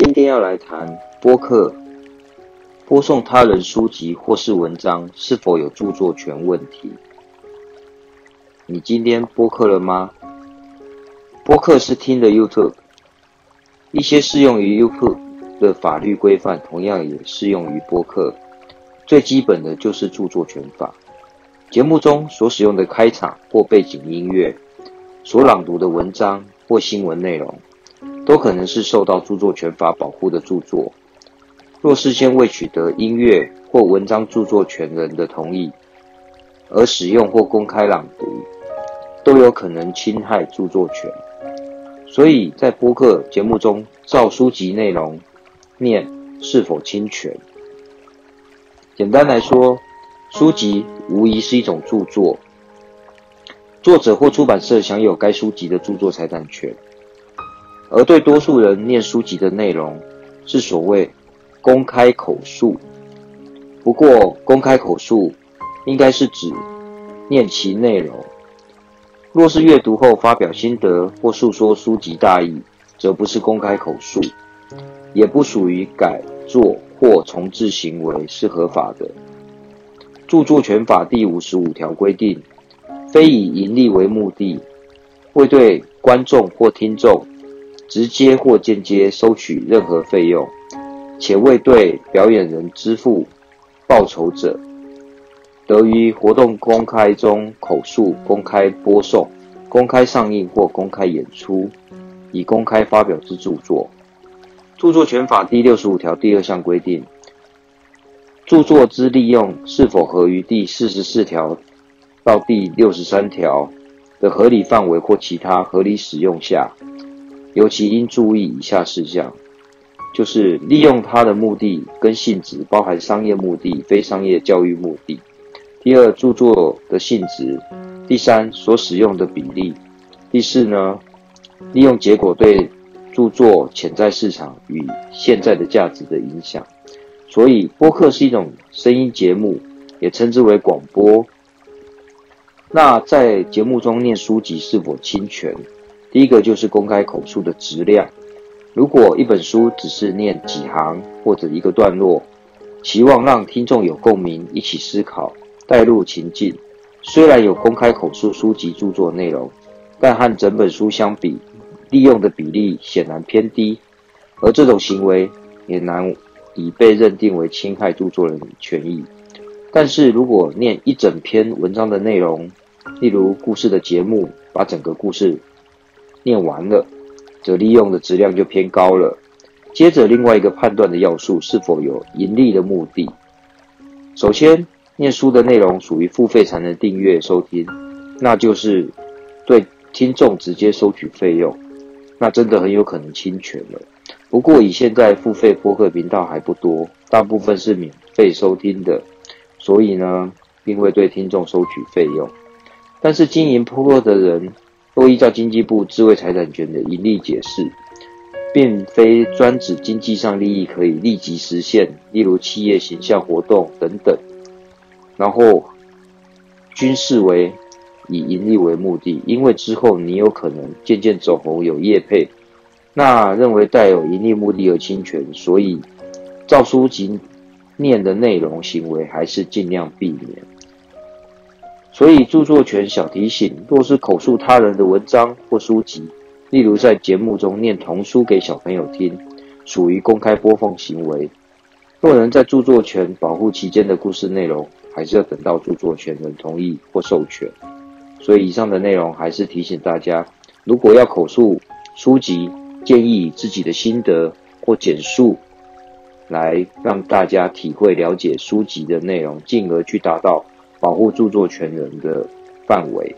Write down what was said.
今天要來談播客。播送他人書籍或是文章是否有著作權問題？你今天播客了嗎？播客是聽的 YouTube，一些適用於 YouTube 的法律規範，同樣也適用於播客。最基本的就是著作權法。節目中所使用的開場或背景音樂，所朗讀的文章或新聞內容。都可能是受到著作權法保護的著作。若事先未取得音樂或文章著作權人的同意而使用或公開朗讀，都有可能侵害著作權。所以在播客節目中照書籍內容念是否侵權？簡單來說，書籍無疑是一種著作，作者或出版社享有該書籍的著作財產權。而對多數人念書籍的內容，是所謂公開口述。不過，公開口述應該是指念其內容。若是閱讀後發表心得或訴說書籍大意，則不是公開口述，也不屬於改作或重製行為，是合法的。著作權法第五十五條規定，非以營利為目的，會對觀眾或聽眾。直接或間接收取任何費用，且未對表演人支付報酬者，得於活動公開中口述、公開播送、公開上映或公開演出，以公開發表之著作，《著作權法》第六十五條第二項規定，著作之利用是否合於第四十四條到第六十三條的合理範圍或其他合理使用下。尤其應注意以下事項，就是利用它的目的跟性質，包含商業目的、非商業教育目的。第二，著作的性質。第三，所使用的比例。第四呢，利用結果對著作潛在市場與現在的價值的影響。所以，播客是一種聲音節目，也稱之為廣播。那在節目中念書籍是否侵權？第一個就是公開口述的質量。如果一本書只是念幾行或者一個段落，期望讓聽眾有共鳴、一起思考、帶入情境，雖然有公開口述書籍著作內容，但和整本書相比，利用的比例顯然偏低。而這種行為也難以被認定為侵害著作人權益。但是如果念一整篇文章的內容，例如故事的節目，把整個故事，念完了，則利用的質量就偏高了。接着，另外一個判斷的要素，是否有營利的目的。首先，念書的內容屬於付費才能訂閱收聽，那就是對聽眾直接收取費用，那真的很有可能侵權了。不過，以現在付費播客頻道還不多，大部分是免費收聽的，所以呢，並未對聽眾收取費用。但是，經營播客的人。都依照經濟部智慧財產權的盈利解釋，並非專指經濟上利益可以立即實現，例如企業形象活動等等，然後均視為以盈利為目的，因為之後你有可能漸漸走紅有業配，那認為帶有盈利目的而侵權，所以照書籍念的內容行為還是盡量避免。所以，著作權小提醒：若是口述他人的文章或書籍，例如在節目中念童書給小朋友聽，屬於公開播放行為。若能在著作權保護期間的故事內容，還是要等到著作權人同意或授權。所以，以上的內容還是提醒大家：如果要口述書籍，建議以自己的心得或簡述，來讓大家體會了解書籍的內容，進而去達到。保護著作權人的範圍。